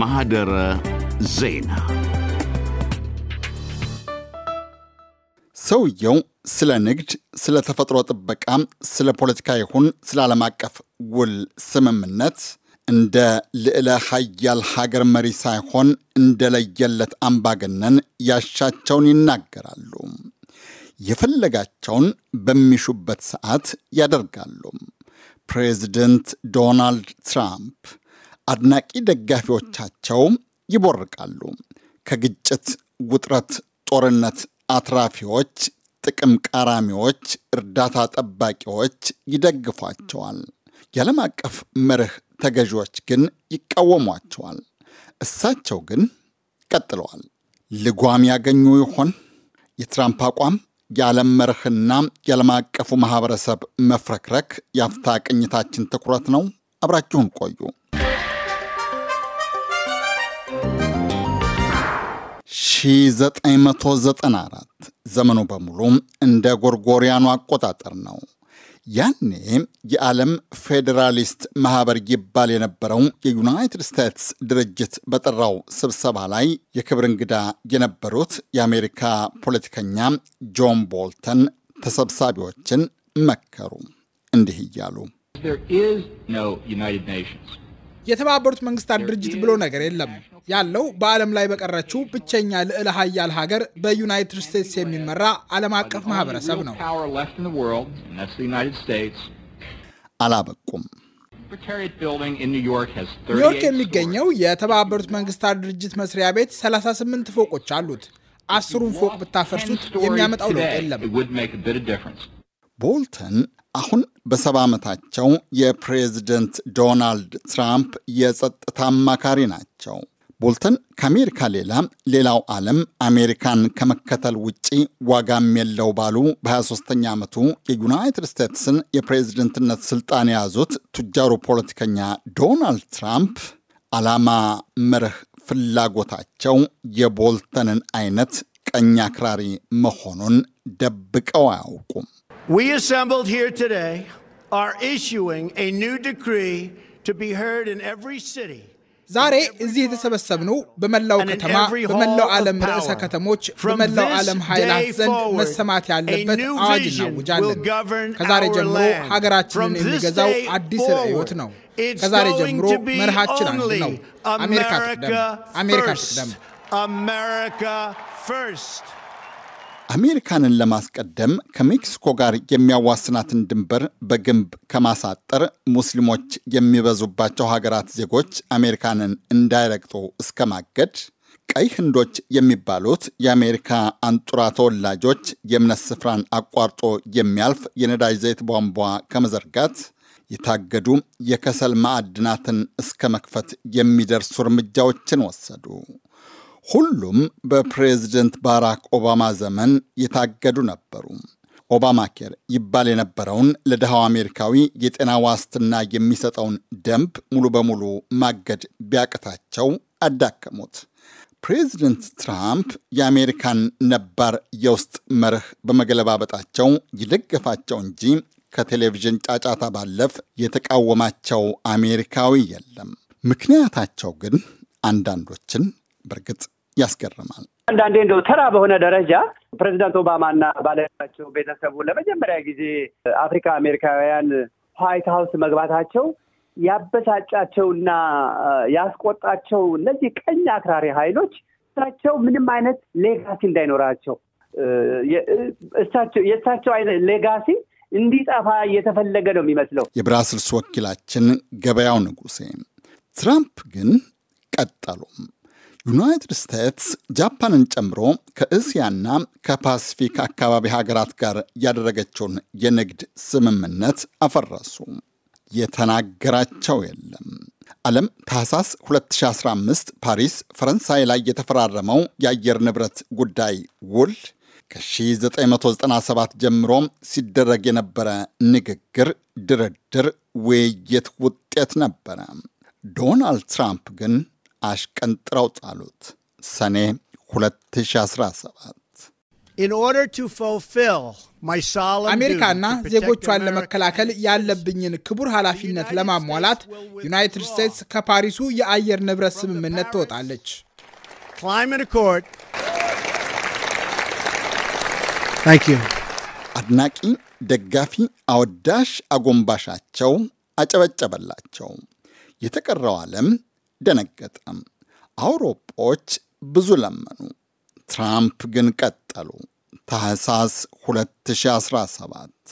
ማህደረ ዜና። ሰውየው ስለ ንግድ፣ ስለ ተፈጥሮ ጥበቃ፣ ስለ ፖለቲካ ይሁን ስለ ዓለም አቀፍ ውል ስምምነት እንደ ልዕለ ሀያል ሀገር መሪ ሳይሆን እንደለየለት አምባገነን ያሻቸውን ይናገራሉ። የፈለጋቸውን በሚሹበት ሰዓት ያደርጋሉ። ፕሬዚደንት ዶናልድ ትራምፕ አድናቂ ደጋፊዎቻቸው ይቦርቃሉ። ከግጭት፣ ውጥረት፣ ጦርነት አትራፊዎች፣ ጥቅም ቃራሚዎች፣ እርዳታ ጠባቂዎች ይደግፏቸዋል። የዓለም አቀፍ መርህ ተገዢዎች ግን ይቃወሟቸዋል። እሳቸው ግን ቀጥለዋል። ልጓም ያገኙ ይሆን? የትራምፕ አቋም የዓለም መርህና የዓለም አቀፉ ማህበረሰብ መፍረክረክ የአፍታ ቅኝታችን ትኩረት ነው። አብራችሁን ቆዩ። ሺ 994 ዘመኑ በሙሉ እንደ ጎርጎሪያኑ አቆጣጠር ነው። ያኔ የዓለም ፌዴራሊስት ማህበር ይባል የነበረው የዩናይትድ ስቴትስ ድርጅት በጠራው ስብሰባ ላይ የክብር እንግዳ የነበሩት የአሜሪካ ፖለቲከኛ ጆን ቦልተን ተሰብሳቢዎችን መከሩ እንዲህ እያሉ የተባበሩት መንግስታት ድርጅት ብሎ ነገር የለም። ያለው በዓለም ላይ በቀረችው ብቸኛ ልዕለ ሀያል ሀገር በዩናይትድ ስቴትስ የሚመራ ዓለም አቀፍ ማህበረሰብ ነው። አላበቁም። ኒውዮርክ የሚገኘው የተባበሩት መንግስታት ድርጅት መስሪያ ቤት 38 ፎቆች አሉት። አስሩን ፎቅ ብታፈርሱት የሚያመጣው ለውጥ የለም። ቦልተን አሁን በሰባ ዓመታቸው የፕሬዝደንት ዶናልድ ትራምፕ የጸጥታ አማካሪ ናቸው። ቦልተን ከአሜሪካ ሌላ ሌላው ዓለም አሜሪካን ከመከተል ውጪ ዋጋም የለው ባሉ በ23ኛ ዓመቱ የዩናይትድ ስቴትስን የፕሬዝደንትነት ስልጣን የያዙት ቱጃሩ ፖለቲከኛ ዶናልድ ትራምፕ ዓላማ፣ መርህ፣ ፍላጎታቸው የቦልተንን አይነት ቀኝ አክራሪ መሆኑን ደብቀው አያውቁም። We assembled here today are issuing a new decree to be heard in every city. ዛሬ እዚህ የተሰበሰብነው በመላው ከተማ በመላው ዓለም ርዕሰ ከተሞች በመላው ዓለም ኃይላት ዘንድ መሰማት ያለበት አዋጅ እናውጃለን። ከዛሬ ጀምሮ ሀገራችንን የሚገዛው አዲስ ርዕዮት ነው። ከዛሬ ጀምሮ መርሃችን አንድ ነው። አሜሪካ ትቅደም! አሜሪካ ትቅደም! አሜሪካንን ለማስቀደም ከሜክሲኮ ጋር የሚያዋስናትን ድንበር በግንብ ከማሳጠር ሙስሊሞች የሚበዙባቸው ሀገራት ዜጎች አሜሪካንን እንዳይረግጡ እስከ ማገድ ቀይ ህንዶች የሚባሉት የአሜሪካ አንጡራ ተወላጆች የእምነት ስፍራን አቋርጦ የሚያልፍ የነዳጅ ዘይት ቧንቧ ከመዘርጋት የታገዱ የከሰል ማዕድናትን እስከ መክፈት የሚደርሱ እርምጃዎችን ወሰዱ። ሁሉም በፕሬዝደንት ባራክ ኦባማ ዘመን የታገዱ ነበሩ። ኦባማ ኬር ይባል የነበረውን ለድሃው አሜሪካዊ የጤና ዋስትና የሚሰጠውን ደንብ ሙሉ በሙሉ ማገድ ቢያቅታቸው አዳከሙት። ፕሬዚደንት ትራምፕ የአሜሪካን ነባር የውስጥ መርህ በመገለባበጣቸው ይደገፋቸው እንጂ ከቴሌቪዥን ጫጫታ ባለፍ የተቃወማቸው አሜሪካዊ የለም። ምክንያታቸው ግን አንዳንዶችን በእርግጥ ያስገርማል። አንዳንዴ እንደው ተራ በሆነ ደረጃ ፕሬዚዳንት ኦባማና ባለቤታቸው ቤተሰቡ ለመጀመሪያ ጊዜ አፍሪካ አሜሪካውያን ዋይት ሀውስ መግባታቸው ያበሳጫቸውና ያስቆጣቸው እነዚህ ቀኝ አክራሪ ኃይሎች እሳቸው ምንም አይነት ሌጋሲ እንዳይኖራቸው እሳቸው የእሳቸው አይነት ሌጋሲ እንዲጠፋ እየተፈለገ ነው የሚመስለው። የብራስልስ ወኪላችን ገበያው ንጉሴ ትራምፕ ግን ቀጠሉም ዩናይትድ ስቴትስ ጃፓንን ጨምሮ ከእስያና ከፓስፊክ አካባቢ ሀገራት ጋር ያደረገችውን የንግድ ስምምነት አፈረሱ። የተናገራቸው የለም። ዓለም ታህሳስ 2015 ፓሪስ ፈረንሳይ ላይ የተፈራረመው የአየር ንብረት ጉዳይ ውል ከ1997 ጀምሮ ሲደረግ የነበረ ንግግር፣ ድርድር፣ ውይይት ውጤት ነበረ። ዶናልድ ትራምፕ ግን አሽቀንጥረው ጣሉት። ሰኔ 2017 አሜሪካና ዜጎቿን ለመከላከል ያለብኝን ክቡር ኃላፊነት ለማሟላት ዩናይትድ ስቴትስ ከፓሪሱ የአየር ንብረት ስምምነት ትወጣለች። አድናቂ፣ ደጋፊ፣ አወዳሽ አጎንባሻቸው አጨበጨበላቸው። የተቀረው ዓለም ደነገጠም። አውሮፓዎች ብዙ ለመኑ፣ ትራምፕ ግን ቀጠሉ። ታህሳስ 2017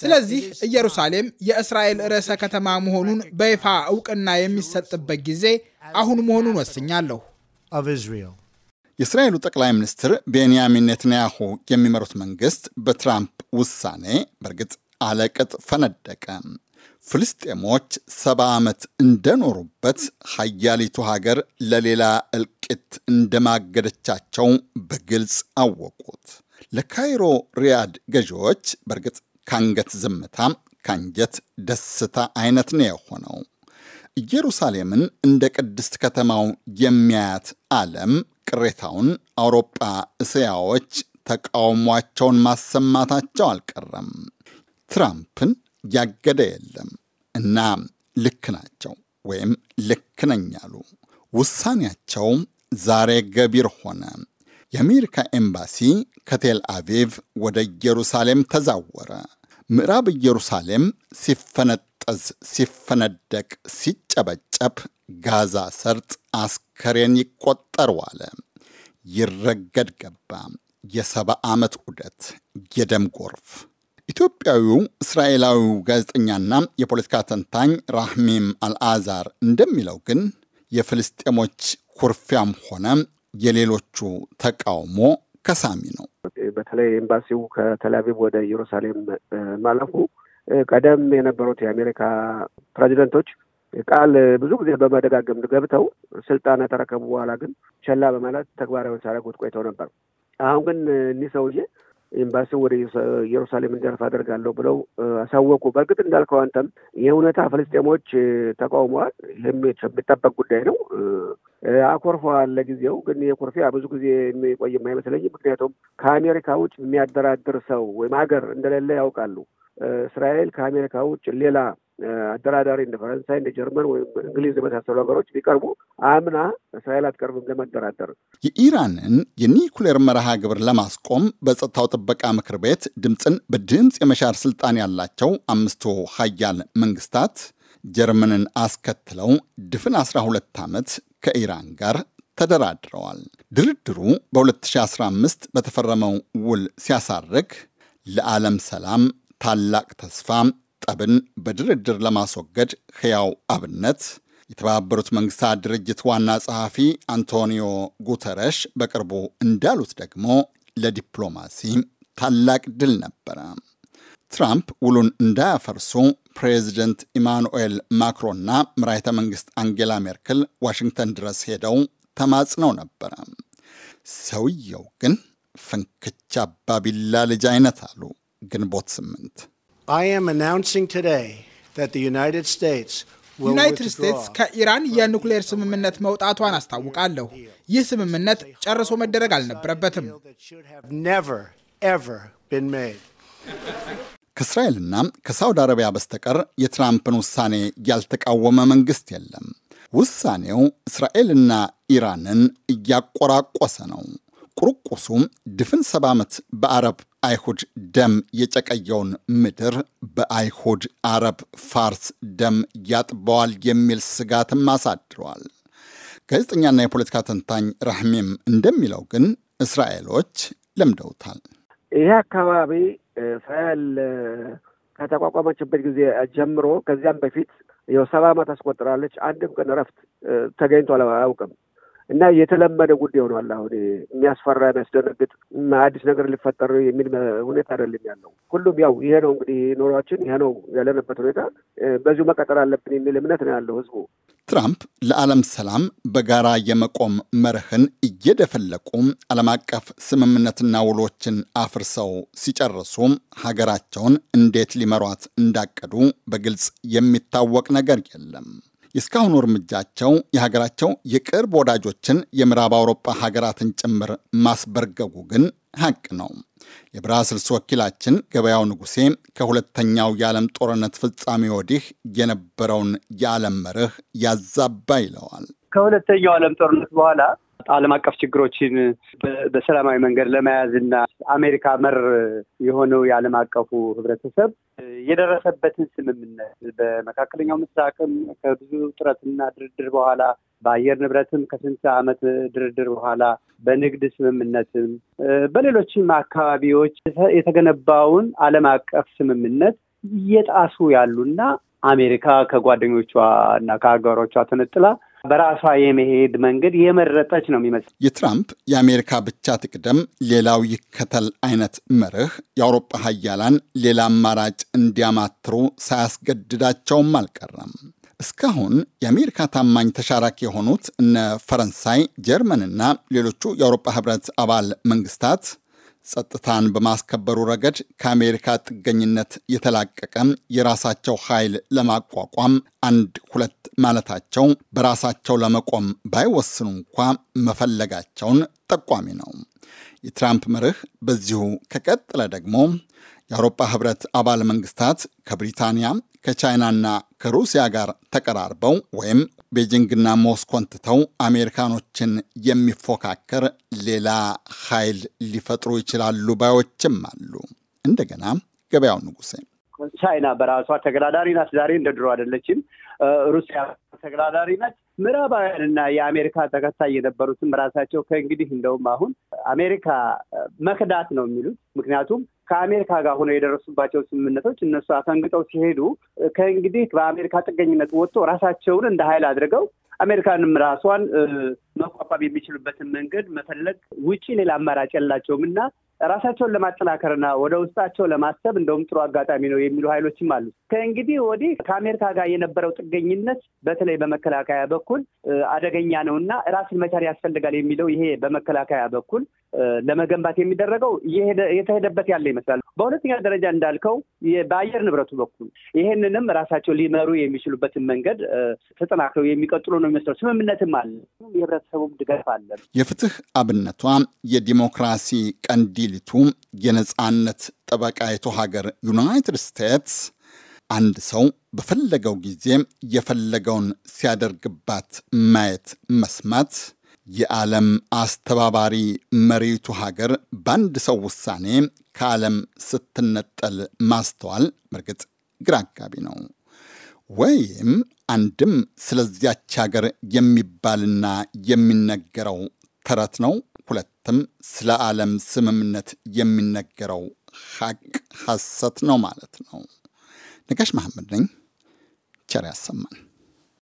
ስለዚህ ኢየሩሳሌም የእስራኤል ርዕሰ ከተማ መሆኑን በይፋ እውቅና የሚሰጥበት ጊዜ አሁን መሆኑን ወስኛለሁ። የእስራኤሉ ጠቅላይ ሚኒስትር ቤንያሚን ኔትንያሁ የሚመሩት መንግስት በትራምፕ ውሳኔ በእርግጥ አለቅጥ ፈነደቀ። ፍልስጤሞች ሰባ ዓመት እንደኖሩበት ሀያሊቱ ሀገር ለሌላ እልቂት እንደማገደቻቸው በግልጽ አወቁት። ለካይሮ ሪያድ ገዢዎች በእርግጥ ከአንገት ዝምታ ከአንጀት ደስታ አይነት ነው የሆነው። ኢየሩሳሌምን እንደ ቅድስት ከተማው የሚያያት ዓለም ቅሬታውን አውሮጳ እስያዎች ተቃውሟቸውን ማሰማታቸው አልቀረም። ትራምፕን ያገደ የለም እና ልክ ናቸው ወይም ልክ ነኝ አሉ። ውሳኔያቸው ዛሬ ገቢር ሆነ። የአሜሪካ ኤምባሲ ከቴል አቪቭ ወደ ኢየሩሳሌም ተዛወረ። ምዕራብ ኢየሩሳሌም ሲፈነጠዝ፣ ሲፈነደቅ፣ ሲጨበጨብ ጋዛ ሰርጥ አስከሬን ይቆጠር ዋለ። ይረገድ ገባ። የሰባ ዓመት ዑደት፣ የደም ጎርፍ ኢትዮጵያዊው እስራኤላዊው ጋዜጠኛና የፖለቲካ ተንታኝ ራህሚም አልአዛር እንደሚለው ግን የፍልስጤሞች ኩርፊያም ሆነ የሌሎቹ ተቃውሞ ከሳሚ ነው። በተለይ ኤምባሲው ከተላቪቭ ወደ ኢየሩሳሌም ማለፉ ቀደም የነበሩት የአሜሪካ ፕሬዚደንቶች ቃል ብዙ ጊዜ በመደጋገም ገብተው ስልጣን ተረከቡ በኋላ ግን ቸላ በማለት ተግባራዊ ሳያደርጉት ቆይተው ነበር። አሁን ግን እኒህ ሰውዬ ኤምባሲው ወደ ኢየሩሳሌም እንዲያርፍ አደርጋለሁ ብለው አሳወቁ። በእርግጥ እንዳልከው አንተም ይህ እውነታ ፍልስጤሞች ተቃውመዋል። ይህም የሚጠበቅ ጉዳይ ነው። አኮርፈዋል። ለጊዜው ግን የኮርፊያ ብዙ ጊዜ የሚቆይ አይመስለኝም። ምክንያቱም ከአሜሪካ ውጭ የሚያደራድር ሰው ወይም ሀገር እንደሌለ ያውቃሉ። እስራኤል ከአሜሪካ ውጭ ሌላ አደራዳሪ እንደ ፈረንሳይ እንደ ጀርመን ወይም እንግሊዝ የመሳሰሉ ሀገሮች ቢቀርቡ አምና እስራኤል አትቀርብም ለመደራደር። የኢራንን የኒኩሌር መርሃ ግብር ለማስቆም በጸጥታው ጥበቃ ምክር ቤት ድምፅን በድምፅ የመሻር ስልጣን ያላቸው አምስቱ ሀያል መንግስታት ጀርመንን አስከትለው ድፍን 12 ዓመት ከኢራን ጋር ተደራድረዋል። ድርድሩ በ2015 በተፈረመው ውል ሲያሳርግ ለዓለም ሰላም ታላቅ ተስፋ ጠብን በድርድር ለማስወገድ ሕያው አብነት የተባበሩት መንግስታት ድርጅት ዋና ጸሐፊ አንቶኒዮ ጉተረሽ በቅርቡ እንዳሉት ደግሞ ለዲፕሎማሲ ታላቅ ድል ነበረ። ትራምፕ ውሉን እንዳያፈርሱ ፕሬዚደንት ኢማኑኤል ማክሮንና መራሒተ መንግስት አንጌላ ሜርክል ዋሽንግተን ድረስ ሄደው ተማጽነው ነበረ። ሰውየው ግን ፍንክቻ አባቢላ ልጅ አይነት አሉ ግንቦት ስምንት ዩናይትድ ስቴትስ ከኢራን የኑክሌር ስምምነት መውጣቷን አስታውቃለሁ። ይህ ስምምነት ጨርሶ መደረግ አልነበረበትም። ከእስራኤልና ከሳውዲ አረቢያ በስተቀር የትራምፕን ውሳኔ ያልተቃወመ መንግስት የለም። ውሳኔው እስራኤልና ኢራንን እያቆራቆሰ ነው። ቁርቁሱም ድፍን ሰባ ዓመት በአረብ አይሁድ ደም የጨቀየውን ምድር በአይሁድ አረብ፣ ፋርስ ደም ያጥበዋል የሚል ስጋትም አሳድረዋል። ጋዜጠኛና የፖለቲካ ተንታኝ ራህሚም እንደሚለው ግን እስራኤሎች ለምደውታል። ይህ አካባቢ እስራኤል ከተቋቋመችበት ጊዜ ጀምሮ ከዚያም በፊት የሰባ ዓመት አስቆጥራለች። አንድም ቀን እረፍት ተገኝቶ አያውቅም። እና የተለመደ ጉዳይ ሆኗል። አሁን የሚያስፈራ የሚያስደነግጥ አዲስ ነገር ሊፈጠር የሚል ሁኔታ አይደለም ያለው። ሁሉም ያው ይሄ ነው እንግዲህ ኖሯችን ይሄ ነው ያለንበት ሁኔታ፣ በዚሁ መቀጠል አለብን የሚል እምነት ነው ያለው ህዝቡ። ትራምፕ ለዓለም ሰላም በጋራ የመቆም መርህን እየደፈለቁ ዓለም አቀፍ ስምምነትና ውሎችን አፍርሰው ሲጨርሱ ሀገራቸውን እንዴት ሊመሯት እንዳቀዱ በግልጽ የሚታወቅ ነገር የለም። የእስካሁኑ እርምጃቸው የሀገራቸው የቅርብ ወዳጆችን የምዕራብ አውሮፓ ሀገራትን ጭምር ማስበርገጉ ግን ሀቅ ነው። የብራስልስ ወኪላችን ገበያው ንጉሴ ከሁለተኛው የዓለም ጦርነት ፍጻሜ ወዲህ የነበረውን የዓለም መርህ ያዛባ ይለዋል። ከሁለተኛው ዓለም ጦርነት በኋላ ዓለም አቀፍ ችግሮችን በሰላማዊ መንገድ ለመያዝና አሜሪካ መር የሆነው የዓለም አቀፉ ህብረተሰብ የደረሰበትን ስምምነት በመካከለኛው ምስራቅም ከብዙ ጥረትና ድርድር በኋላ በአየር ንብረትም ከስንት ዓመት ድርድር በኋላ በንግድ ስምምነትም በሌሎችም አካባቢዎች የተገነባውን ዓለም አቀፍ ስምምነት እየጣሱ ያሉና አሜሪካ ከጓደኞቿ እና ከሀገሮቿ ተነጥላ በራሷ የመሄድ መንገድ የመረጠች ነው የሚመስል። የትራምፕ የአሜሪካ ብቻ ትቅደም፣ ሌላው ይከተል አይነት መርህ የአውሮፓ ሀያላን ሌላ አማራጭ እንዲያማትሩ ሳያስገድዳቸውም አልቀረም። እስካሁን የአሜሪካ ታማኝ ተሻራኪ የሆኑት እነ ፈረንሳይ፣ ጀርመንና ሌሎቹ የአውሮፓ ህብረት አባል መንግስታት ጸጥታን በማስከበሩ ረገድ ከአሜሪካ ጥገኝነት የተላቀቀ የራሳቸው ኃይል ለማቋቋም አንድ ሁለት ማለታቸው በራሳቸው ለመቆም ባይወስኑ እንኳ መፈለጋቸውን ጠቋሚ ነው። የትራምፕ መርህ በዚሁ ከቀጠለ ደግሞ የአውሮፓ ህብረት አባል መንግስታት ከብሪታንያ፣ ከቻይናና ከሩሲያ ጋር ተቀራርበው ወይም ቤጂንግና ሞስኮን ትተው አሜሪካኖችን የሚፎካከር ሌላ ኃይል ሊፈጥሩ ይችላሉ ባዮችም አሉ። እንደገና ገበያው ንጉሴ ቻይና በራሷ ተገዳዳሪ ናት። ዛሬ እንደ ድሮ አይደለችም። ሩሲያ ተገዳዳሪ ናት። ምዕራባውያንና የአሜሪካ ተከታይ የነበሩትም ራሳቸው ከእንግዲህ እንደውም አሁን አሜሪካ መክዳት ነው የሚሉት ምክንያቱም ከአሜሪካ ጋር ሆነው የደረሱባቸው ስምምነቶች እነሱ አፈንግጠው ሲሄዱ ከእንግዲህ በአሜሪካ ጥገኝነት ወጥቶ ራሳቸውን እንደ ኃይል አድርገው አሜሪካንም ራሷን መቋቋም የሚችሉበትን መንገድ መፈለግ ውጪ ሌላ አማራጭ የላቸውም እና ራሳቸውን ለማጠናከርና ወደ ውስጣቸው ለማሰብ እንደውም ጥሩ አጋጣሚ ነው የሚሉ ኃይሎችም አሉ። ከእንግዲህ ወዲህ ከአሜሪካ ጋር የነበረው ጥገኝነት በተለይ በመከላከያ በኩል አደገኛ ነው እና ራስን መቻል ያስፈልጋል የሚለው ይሄ በመከላከያ በኩል ለመገንባት የሚደረገው እየተሄደበት ያለ ይመስላል። በሁለተኛ ደረጃ እንዳልከው በአየር ንብረቱ በኩል ይሄንንም ራሳቸው ሊመሩ የሚችሉበትን መንገድ ተጠናክረው የሚቀጥሉ ነው የሚመስለው። ስምምነትም አለ፣ የህብረተሰቡም ድጋፍ አለ። የፍትህ አብነቷ የዲሞክራሲ ቀንዲሊቱ የነፃነት ጠበቃይቱ ሀገር ዩናይትድ ስቴትስ አንድ ሰው በፈለገው ጊዜ የፈለገውን ሲያደርግባት ማየት መስማት የዓለም አስተባባሪ መሪቱ ሀገር በአንድ ሰው ውሳኔ ከዓለም ስትነጠል ማስተዋል በርግጥ ግራ አጋቢ ነው። ወይም አንድም ስለዚያች ሀገር የሚባልና የሚነገረው ተረት ነው፣ ሁለትም ስለ ዓለም ስምምነት የሚነገረው ሐቅ ሐሰት ነው ማለት ነው። ነጋሽ መሐመድ ነኝ። ቸር ያሰማን።